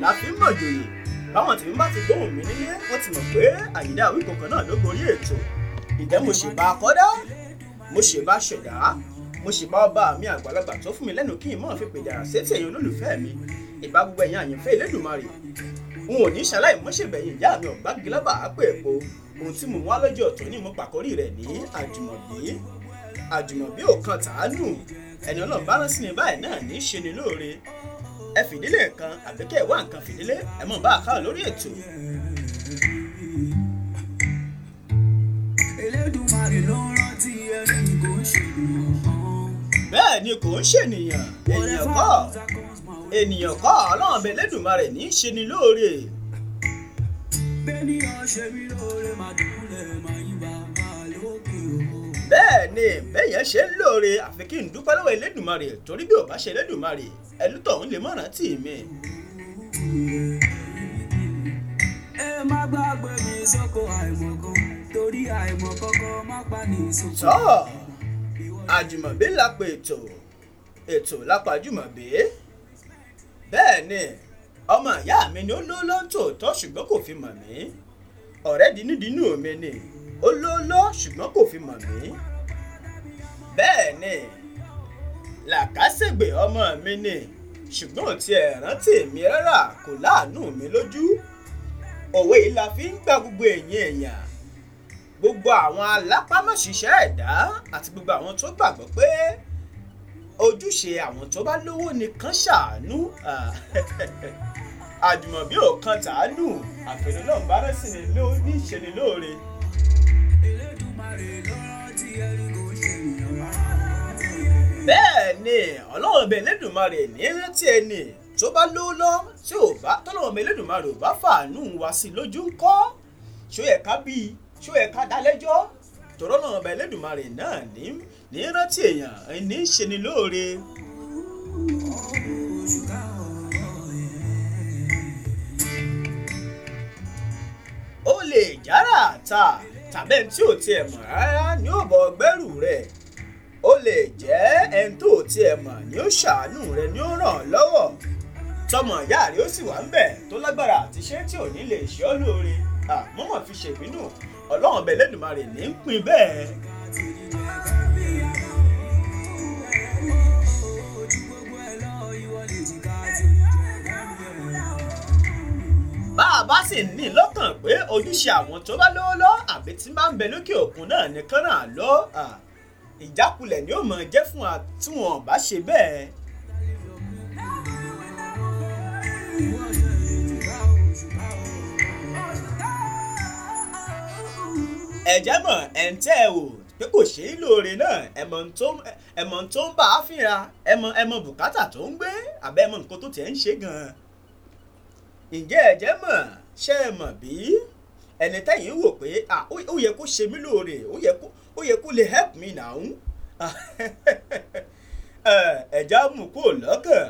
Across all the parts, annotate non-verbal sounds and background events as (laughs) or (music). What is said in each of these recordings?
la fi ń mọ̀ jòyè báwọn tèmi bá ti gbóhùn mi nílé wọ́n ti mọ̀ pé àyídá àwí kankan náà ló gorí ètò ìjẹ́ mo ṣèbá akọ́dá mo ṣèbá ṣẹ̀dá mo ṣèbá ọba mi àgbàlagbà tó fún mi lẹ́nu kí n mọ̀ fi pèjà sétí ẹ̀yin olólùfẹ́ mi ìbá gbogbo ẹ̀yin àyànfẹ́ Elédùmarè n ò ní ṣaláì mọ́ṣẹ̀bẹ̀yìn ìyá mi ọ̀gbágilábà àpò èpo ohun tí mo wá lọ́jọ́ tó ní mo pàkórí rẹ̀ ní àjùmọ̀bí àjùmọ̀bí ò kan tàánù ẹni ọlọ́run bá rán sí ni báyìí náà ní í ṣe ni lóore ẹ fìdílé kan àbí kẹ́ ẹ wá nǹkan fìdílé ẹ mọ̀ bá a kà lórí ètò. bẹ́ẹ̀ ni kò ń ṣènìyàn ènìyàn kọ́ ènìyàn kọ́ ọlọ́run bẹ Elédùmarè ní í ṣe ni lóore. bẹ́ẹ̀ ni ọ̀ṣẹ́ mi lóore màdùn lẹ́ẹ̀ máa yí bá bẹ́ẹ̀ ni bẹ́yẹn ṣe ń lóore àfi kí n dúpẹ́ lọ́wọ́ Elédùmarè torí bí ò bá ṣe Elédùmarè ẹlú tọ̀hún lè má rántí mi. ẹ má gbàgbé mi sọ́kò àìmọ̀kan torí àìmọ̀kan má pa ní ìsopọ̀. tọ́ àjùmọ̀bí lápò ètò ètò lápò àjùmọ̀bí bẹ́ẹ̀ ni ọmọ ìyá mi ni ó ló ló ń tòótọ́ ṣùgbọ́n kò fi mọ̀ mí ọ̀rẹ́ dinúdinú mi ni ó lóóló ṣùgbọ́n kò fi mọ̀ mí. bẹ́ẹ̀ ni làkàṣègbè ọmọ mi ni ṣùgbọ́n ò tiẹ̀ rántí mi rárá kò láàánú mi lójú. òwe yìí la fi ń gba gbogbo ẹ̀yìn èèyàn gbogbo àwọn alápámọ̀ṣiṣẹ́ ẹ̀dá àti gbogbo àwọn tó gbàgbọ́ pé ojúṣe àwọn tó bá lówó nìkan ṣàánú (laughs) àjùmọ̀bí ò kan tàánú àfẹnulọ́ọ̀bárẹ́sì ni ló ní ìṣẹ́ni lóore bẹ́ẹ̀ ni ọlọ́run ọbẹ̀ lẹ́dùnmarè ní rántí ẹni tó bá lówó lọ tí ò bá tọ́lọ́run ọbẹ̀ lẹ́dùnmarè ò bá fàánú wá sí lójú ń kọ́ ṣó yẹ ká bíi ṣó yẹ ká dálẹ́jọ́ tọ́lọ́run ọbẹ̀ lẹ́dùnmarè náà ní rántí èèyàn ní ṣe ni lóore. ó lè jára ta tàbẹ́ ẹni tí ò tiẹ̀ mọ̀ rárá ni ó bọ̀ gbẹ́rù rẹ̀ ó lè jẹ́ ẹni tó tiẹ̀ mọ̀ ni ó ṣàánú rẹ̀ ni ó ràn lọ́wọ́ tọmọ ìyá rẹ̀ ó sì wà ń bẹ̀ tó lágbára àti ṣé tí ò ní lè ṣe ọ́ lóore àmọ́ fi ṣèbínú ọlọ́run bẹ̀ lẹ́dùnmarè ní í pin bẹ́ẹ̀. bá sì ní lọ́kàn pé ojúṣe àwọn tó bá lówó lọ àbí tí máa ń bẹ lókè òkun náà ní kánà lọ ìjákulẹ̀ ni ó mọ̀ jẹ́ fún wa tí wọn bá ṣe bẹ́ẹ̀. ẹ̀jẹ̀ mọ̀ ẹ̀ ń tẹ́ ẹ wò pé kò ṣe é lóore náà ẹ̀mọ̀ tó ń bá a fínra ẹ̀mọ̀ bùkátà tó ń gbé àbẹ́ nǹkan tó tẹ̀ ń ṣe gan-an ǹjẹ́ ẹ̀jẹ̀ mọ̀ ṣe é mọ̀ bí ẹni tẹ́yìn wò pé ó yẹ kó ṣe mí lóore ó yẹ kó lè help me now (laughs) ẹ̀já mú kó lọ́kàn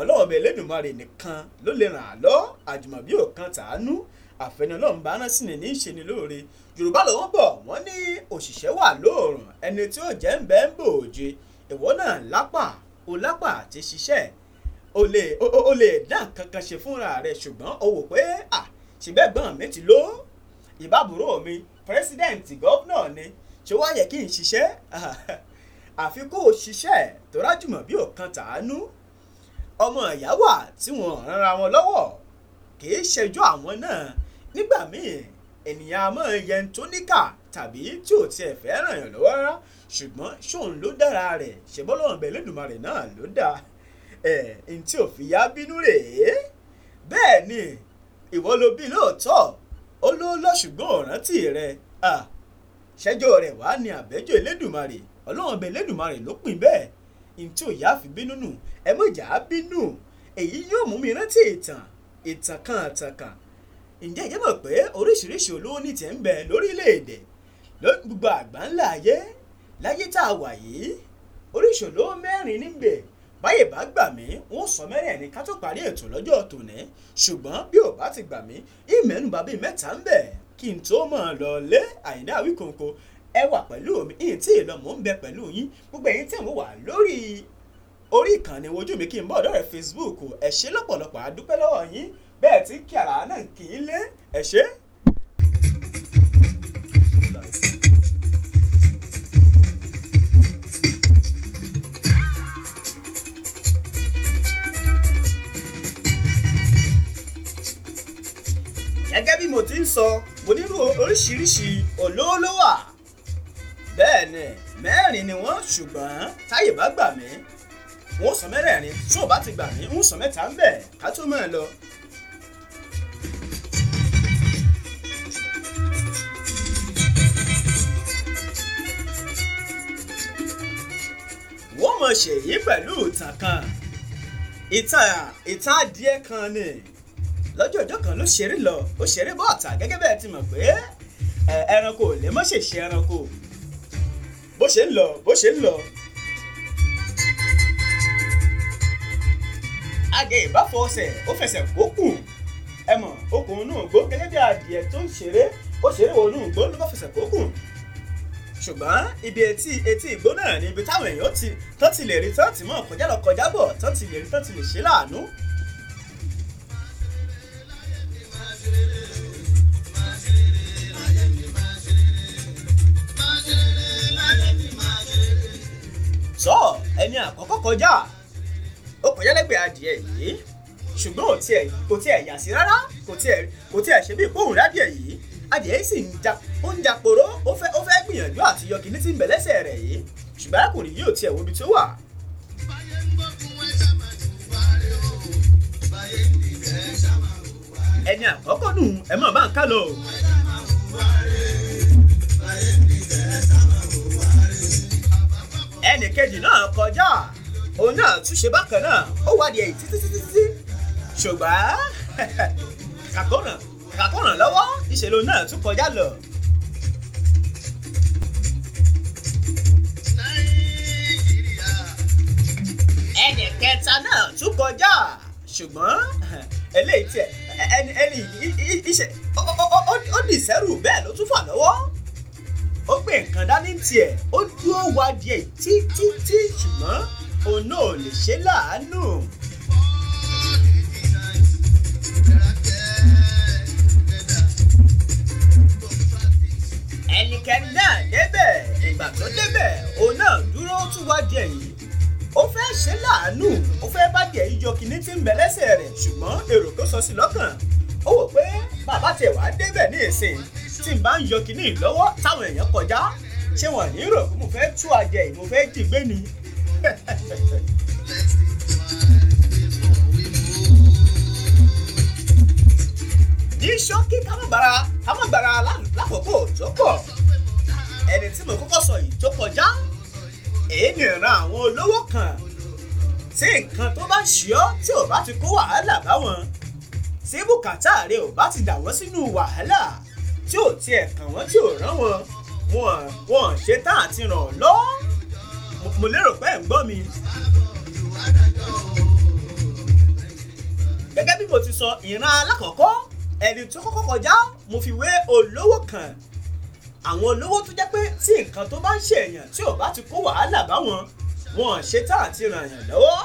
ọlọ́run mi Elédùmarè nìkan ló lè ràn án lọ́ àjùmọ̀bí ò kan tàánú àfẹnú ọlọ́run bá rán sí ni ní í ṣe ni lóore yorùbá lọ́wọ́ bọ̀ wọ́n ní òṣìṣẹ́ wà lóòrùn ẹni tí ó jẹ́ ń bẹ́ ń bòòje ìwọ náà lápà ó lápà ti ṣiṣẹ́ o lè o lè dá nǹkan kan ṣe fúnra rẹ̀ ṣùgbọ́n o wò pé à ṣìgbẹ́gbọ́n mi ti lọ ìbábùrò mi president gọ́vnà ni ṣé wàá yẹ kí n ṣiṣẹ́ àfi kó o ṣiṣẹ́ tó rájùmọ̀ bí òkan tàánú ọmọ ìyá wà tí wọ́n ránra wọn lọ́wọ́ kì í ṣẹjọ́ àwọn náà nígbà míì ènìyàn àmọ́ yẹn tó níkà tàbí tí ò tiẹ̀ fẹ́ ràn yàn lọ́wọ́ rárá ṣùgbọ́n ṣóun ló dára rẹ̀ ṣèbọ́lọ́run bẹ̀ lẹ́dùnmarè náà ló dáa ẹ̀ eh, ntí ò fi yá bínú rèé bẹ́ẹ̀ ni ìwọ ló bí lóòótọ́ ó ló lọ ṣùgbọ́n òrántí rẹ ṣẹjọ́ rẹ̀ wá ní àbẹ́jọ́ elédùnmarè ọlọ́run ọbẹ̀ elédùnmarè ló pín bẹ́ẹ̀ ntí ò yá fi bínú nù ẹ mọ̀ ìjà á bínú èyí yóò mú mi rántí ìtàn ìtàn kan ìtàn kan ǹjẹ́ ìjẹ́ mọ̀ pé oríṣiríṣi olówó ní tiẹ̀ ń bẹ lórílẹ̀‐èdè gbogbo àgbáńlá ayé láyé tá a wà yìí oríṣi olówó mẹ́rin níbẹ̀ báyè bá gbà mí wọn sọ mẹ́rin ẹni ká tó parí ètò lọ́jọ́ tòní ṣùgbọ́n bí ò bá ti gbà mí ìmẹ́nubà bíi mẹ́ta ń bẹ̀ kí n tó mọ̀ lọ lé àyíndá àwíkòǹkò ẹ wà pẹ̀lú mi ìyìn tí ìlọmọ ń bẹ pẹ̀lú yín gbogbo ẹ̀yin tí mo wà lórí orí ìkànnì ojú mi kí n bọ́ ọ̀dọ́ rẹ̀ Facebook ẹ ṣé lọ́pọ̀lọpọ̀ àdúpẹ́ lọ́wọ́ yín bẹ́ẹ̀ tí kíara náà kì í lé ẹ ṣé gẹ́gẹ́ bí mo ti ń sọ mo nírú oríṣiríṣi olówó ló wà bẹ́ẹ̀ ni mẹ́rin ni wọ́n ṣùgbọ́n táyè bá gbà mí wọ́n sọ mẹ́rẹ̀ẹ̀rin tí ò bá ti gbà mí ń sọ mẹ́ta ń bẹ̀ ká tó mọ̀ ẹ́ lọ. wọ́n mọ̀ ṣèyí pẹ̀lú ìtàn kan ìtàn ìtàn adìẹ kan ni lọ́jọ́ ọjọ́ kan ló ṣeré lọ ó ṣeré bọ́ ọ̀tà gẹ́gẹ́ bẹ́ẹ̀ ti mọ̀ pé ẹranko ò lè mọ́ ṣèṣe ẹranko bó ṣe ń lọ bó ṣe ń lọ. àgẹ̀ ìbá fọ ọsẹ̀ ó fẹsẹ̀ kókùn ẹ mọ̀ okùn inú ògbó gẹ́gẹ́ bí adìẹ tó ń ṣeré ó ṣeré wo inú ògbó ló bá fẹsẹ̀ kókùn ṣùgbọ́n ibi etí etí ìgbó náà ni ibi táwọn èèyàn tán ti lè rí tán ti mọ̀ kọjá lọ kọjá bọ̀ tán ti lè rí tán ti lè ṣe láàánú kọjá ó kọjá lẹ́gbẹ̀ẹ́ adìẹ yìí ṣùgbọ́n kò tiẹ̀ kò tiẹ̀ yà sí rárá kò tiẹ̀ kò tiẹ̀ ṣe bí ìpóhùn rádìẹ yìí adìẹ sì ń ja ó ń ja poro ó fẹ́ ó fẹ́ gbìyànjú àti yọ kìíní tí ń bẹ lẹ́sẹ̀ rẹ̀ yìí ṣùgbọ́n arákùnrin yìí ò tiẹ̀ wo ibi tí ó wà. ẹni àkọ́kọ́ nù ẹ mọ̀ bá ń ká lọ. ẹnì kejì náà kọjá òun náà tún ṣe bákan náà ó wádìí ẹ̀yìn títí títí títí ṣùgbọ́n kàkóòràn (laughs) kàkóòràn lọ́wọ́ ìṣèlú náà tún kọjá lọ. ẹnì kẹta náà tún kọjá ṣùgbọ́n (laughs) eléyìí tiẹ̀ ẹni ẹni ìṣe ó dì sẹ́rù bẹ́ẹ̀ ló tún fà lọ́wọ́ ó gbé nǹkan dání tiẹ̀ ó dúró wádìí ẹ̀ títí tí ṣùgbọ́n òun náà ò lè ṣe láàánú. ẹnikẹ́ni náà débẹ̀ ìgbà tó débẹ̀ òun náà dúró tún wá di ẹ̀yìn ó fẹ́ ṣe láàánú ó fẹ́ bá díẹ̀ yíyọ kínní tí ń bẹ lẹ́sẹ̀ rẹ̀ ṣùgbọ́n èrò tó sọ sí lọ́kàn ó wò pé bàbá tiẹ̀ wá débẹ̀ ní ìsìn tí n bá ń yọ kínní lọ́wọ́ táwọn èèyàn kọjá ṣé wọ́n ní rò mo fẹ́ tú àjẹ́ mo fẹ́ ni kàn sí nǹkan tó bá ń ṣe ọ́ tí ò bá ti kó wàhálà báwọn tí bùkátà rẹ ò bá ti dà wọ́n sínú wàhálà tí ò tiẹ̀ kàn wọ́n tí ò rán wọn wọn ṣe tá àti ràn ọ́ mo lérò pé ẹ̀ ń gbọ́ mi. gẹ́gẹ́ bí mo ti sọ ìran alákọ̀ọ́kọ́ ẹni tó kọ́kọ́ kọjá mo fi wé olówó kan àwọn olówó tó jẹ́ pé tí nǹkan tó bá ń ṣèyàn tí ò bá ti kó wàhálà báwọn wọn ṣe tá àti ràn yàn lọ́wọ́.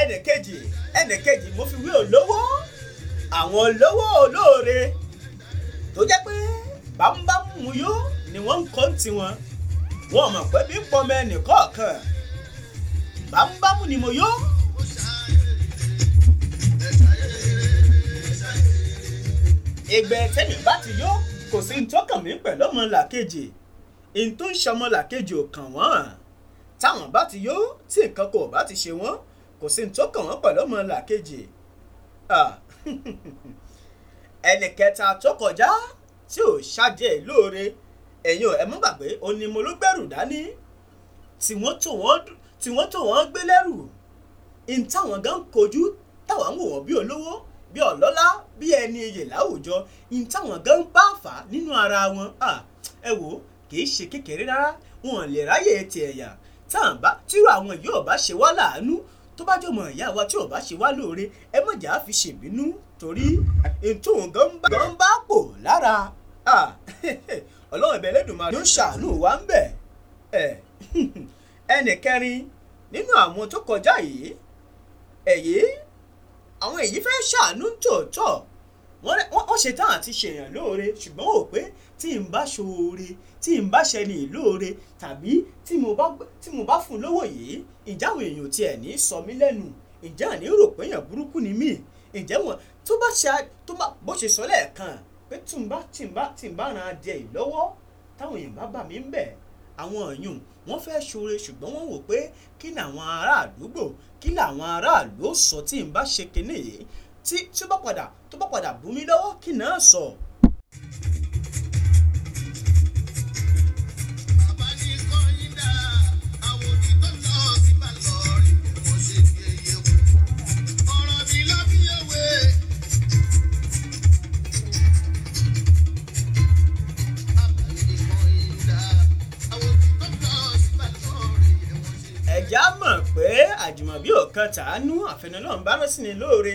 ẹnìkejì ẹnìkejì mo fi wé olówó àwọn olówó olóore tó jẹ́ pé bámbámú mu yó ni wọ́n ń kọ́ ń tiwọn wọn mọ̀ pé bí ń pọmọ ẹnì kọ̀ọ̀kan bámbámú ni mo yó. ìgbẹ́ tẹ́mi bá ti yó kò sí ntọ́kàn mi pẹ̀lú ọmọ làkejì n tó ń ṣọmọ làkejì ò kàn wọ́n táwọn bá ti yó tí nǹkan kò bá ti ṣe wọ́n kò sí ntọ́kàn wọ́n pẹ̀lú ọmọ làkejì (laughs) ẹnì kẹta tó kọjá tí ò ṣàjẹ́ lóore ẹ̀yin ò ẹ̀ mú gbàgbé òní mo ló gbẹ̀rù dání tí wọ́n tó wọ́n gbé lẹ́rù n táwọn gan kojú táwọn ń wò wọ́n bí olówó bí ọlọ́lá bí ẹni iyè láwùjọ ní táwọn gan ń bá fà nínú ara wọn ẹ wò kìí ṣe kékeré rárá wọn lè ráyè ti ẹ̀yà tàǹbá tírú àwọn yìí ò bá ṣe wá láàánú tó bá jọmọ ìyá wa tí ò bá ṣe wá lóore ẹ mọ̀jà fi ṣèbínú torí ètò gan ń bá pò lára (laughs) ọlọ́run ìbẹ̀ lẹ́dùnmáà ló ṣàánú wa ń bẹ̀ (laughs) ẹnì kẹrin nínú àwọn tó kọjá yìí ẹ̀yẹ́ àwọn èyí fẹ́ ṣàánú tòótọ́ wọ́n ṣetán àti ṣèyàn lóore ṣùgbọ́n wò pé tí n bá ṣoore tí n bá ṣẹni lóore tàbí tí mo bá fún lówó yìí ìjáwé èèyàn tiẹ̀ ní sọ mí lẹ́nu ìjẹ́ àní rò pé èèyàn burúkú ni mí ìjẹ́ wọn tó bá ṣe tó bá bó ṣe sọ lẹ́ẹ̀kan pé tí n bá tí n bá tí n bá ran adìẹ yìí lọ́wọ́ táwọn èèyàn bá bà mí ń bẹ̀ àwọn èèyàn wọ́n fẹ́ ṣoore ṣùgbọ́n wọ́n wò pé kí ni àwọn ará àdúgbò kí ni àwọn aráàlú ó sọ tí n bá ṣe kinní yìí tí ó bá padà tó bá padà bú mi lọ́wọ́ kí náà sọ. So àjùmọ̀bí ọ̀kan tàánú àfẹnulọ́run bá rọ́sìn ní lóore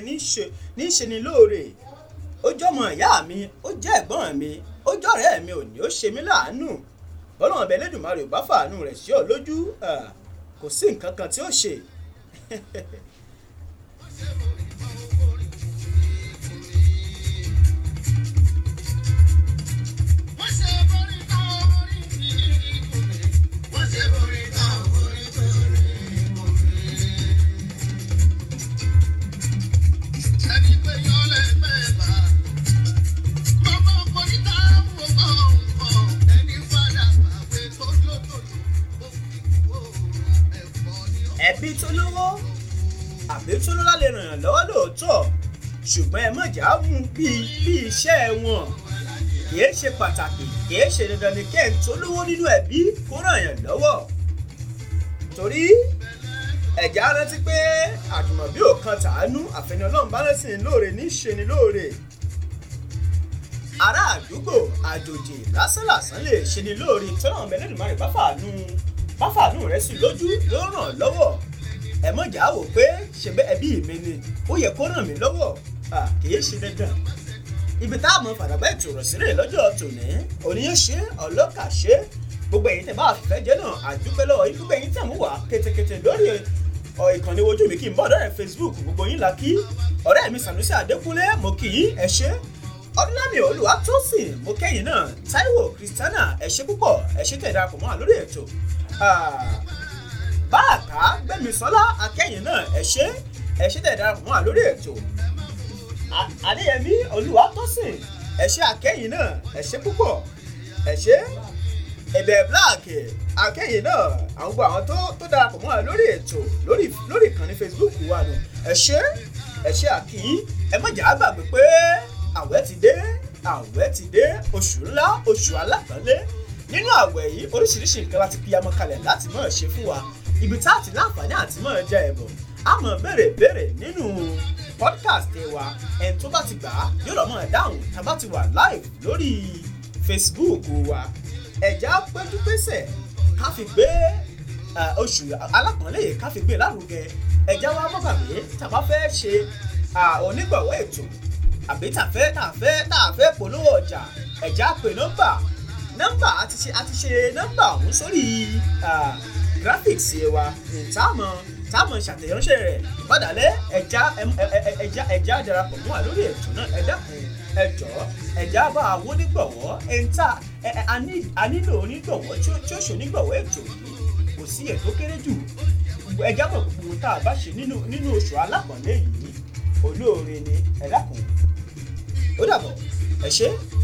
níṣe ní lóore ó jọmọ ìyá mi ó jẹ́ ẹ̀gbọ́n mi ó jọ̀rẹ́ mi ò ní ó ṣe mí láàánú bọ́lá ọ̀bẹ lẹ́dùnmarè ò bá fàánú rẹ̀ sí ọ lójú kò sí nǹkan kan tí ó ṣe (laughs) bí iṣẹ́ wọn kìí ṣe pàtàkì kìí ṣe dandan ni kẹ́ ń tolówó nínú ẹbí kó ràn yàn lọ́wọ́ torí ẹ̀já rántí pé àjùmọ̀bí ò kan tàánú àfẹnì ọlọ́run bá lẹ́sìn lóore ní ṣe ni lóore ará àdúgbò àjòjì lásánlàsán lè ṣe ni lóore tọ́nà mẹ́lẹ́dùnmáre bá fàánú bá fàánú rẹ̀ sí lójú ló ràn lọ́wọ́ ẹ mọ̀jà wò pé ṣe bẹ́ẹ̀ ẹbí mi ni ó yẹ kó ràn mí lọ́wọ́ kìí ṣe dandan ibi tá a mọ fàdàgbà ìtòrò sílẹ̀ lọ́jọ́ tòní oníyànṣe ọlọ́kàṣe gbogbo ẹ̀yin tẹ̀ bá fẹ́ jẹ́ náà àdúpẹ́ lọ́wọ́ yín gbogbo ẹ̀yin tẹ̀ mú wá kètèkètè lórí ìkànnì ojú mi kí n bọ̀ lọ́rẹ̀ Facebook gbogbo yín la kí ọ̀rẹ́ mi Sanusi Adékúnlé mo kì í ẹ ṣé ọdúnlámi Olúwatósìn mo kẹ́yìn náà Táíwò Kristiana ẹ ṣé púpọ̀ ẹ ṣé tẹ̀ darapọ̀ mọ́ àlórí ètò báàkà Gbẹ́misọ́lá akẹ́yìn náà ẹ ṣé ẹ ṣé tẹ̀ darapọ̀ mọ́ àlórí ètò Adéyẹmí Olúwatósìn ẹ ṣé àkẹ́yìn náà ẹ ṣé púpọ̀ ẹ ṣé ẹ̀bẹ̀ black àkẹ́yìn náà àwọn gbogbo àwọn tó tó darapọ̀ mọ́ ẹ lórí ètò lórí lórí ìkànnì Facebook wa nù ẹ ṣé ẹ ṣé àkíyìn ẹ má jàá gbàgbé pé àwẹ̀ ti dé àwẹ̀ ti dé oṣù ńlá oṣù alápọ̀nlé nínú àwẹ̀ yìí oríṣiríṣi nǹkan láti piyamọ́ kalẹ̀ láti máa ṣe fún wa ibi tá a ti láǹfààní àti máa jẹ ẹ̀bùn a máa béèrè béèrè nínú podcast wa ẹ̀ tó bá ti gbà á yóò lọ́mọ ẹ̀ dáhùn tá a bá ti wà live lórí Facebook wa ẹ̀já péjúpésẹ̀ ká fi gbé oṣù alápọ̀nlé yìí ká fi gbé lárugẹ ẹ̀já wa mọ́ gbàgbé tá a bá fẹ́ ṣe onígbọ̀wọ́ ètò àbí tá a fẹ́ tá a fẹ́ tá a fẹ́ polówó ọjà ẹ̀já pé nọ́mbà nọ́mbà àti ṣe ṣe nọ́mbà ọ̀hún sórí graphics wa ìtààmú táwọn ṣàtẹ̀yánṣẹ́ rẹ̀ ìbádàlẹ́ ẹja ẹja ẹja darapọ̀ mọ́ àlórí ètò náà ẹ dákun ẹ bá àwọn onígbọ̀wọ́ ẹ̀ńtà a onígbọ̀wọ́ tí ó ṣonígbọ̀wọ́ ètò yìí kò sí ètò kéré jù ẹja mọ̀ gbogbo tá a bá ṣe nínú oṣù alákọ̀ọ́lẹ̀ yìí olóore ni ẹ dákun ó dàbọ̀ ẹ